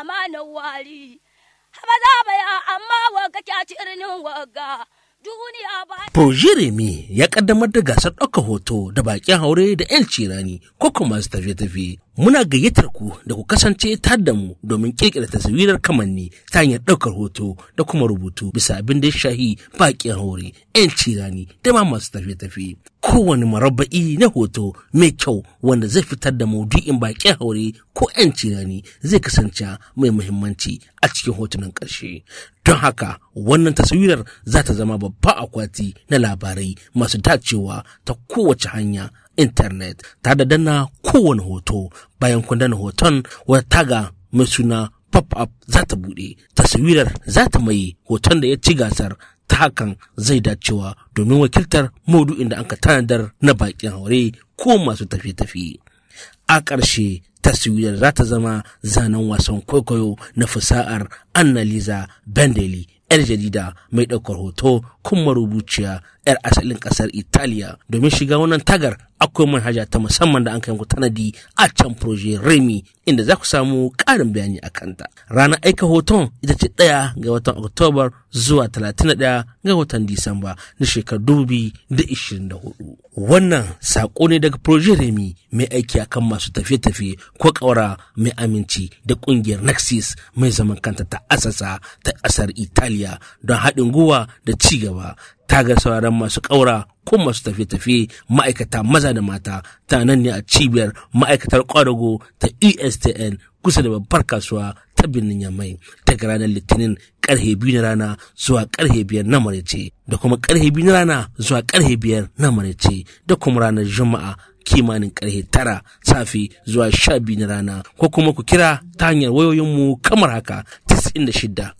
amanar wari. To Jeremy ya kaddamar da gasar ɗauka hoto da bakin haure da 'yan cirani ko kuma su tafiye-tafiye. Muna gayyatar ku da ku kasance tare da mu domin ƙirƙira taswirar kamanni ta hanyar ɗaukar hoto da kuma rubutu bisa abin da ya shahi bakin haure, 'yan cirani da ma masu tafiye-tafiye. kowane marabba'i na hoto mai kyau wanda zai fitar da maudu'in baƙin haure ko 'yanci rani zai kasance mai muhimmanci a cikin hotunan ƙarshe don haka wannan taswirar za ta zama babba akwati na labarai masu dacewa ta kowace hanya intanet ta da danna kowane hoto bayan kundana hoton wata taga mai suna pop-up za ta buɗe taswirar za ta mai hoton da ya ci gasar hakan zai dacewa domin wakiltar maudu'in da anka tanadar na bakin haure ko masu tafiye-tafiye a ƙarshe taswirar za ta zama zanen wasan kwaikwayo na fasa'ar annaliza bendeli yar jarida mai ɗaukar hoto kuma rubuciya yar asalin ƙasar italiya domin shiga wannan tagar akwai manhaja ta musamman da an kai tanadi a can proje remi inda za ku samu ƙarin bayani a kanta ranar aika hoton ita ce ɗaya ga watan oktobar zuwa 31 ga watan disamba na shekarar 2024 wannan saƙo ne daga proje remi mai aiki a kan masu tafiye-tafiye ko ƙaura mai aminci da ƙungiyar nexus mai zaman kanta ta asasa ta ƙasar italiya don haɗin gwiwa da ci gaba tagar sauraron masu ƙaura ko masu tafiye-tafiye ma'aikata maza da mata ta nan ne a cibiyar ma'aikatar kwadago ta estn kusa da babbar kasuwa ta birnin yamai daga ranar litinin karhe biyu na rana zuwa karhe biyar na maraice da kuma karhe biyu na rana zuwa karhe biyar na maraice da kuma ranar juma'a kimanin karhe tara safi zuwa sha biyu na rana ko kuma ku kira ta hanyar wayoyinmu kamar haka 96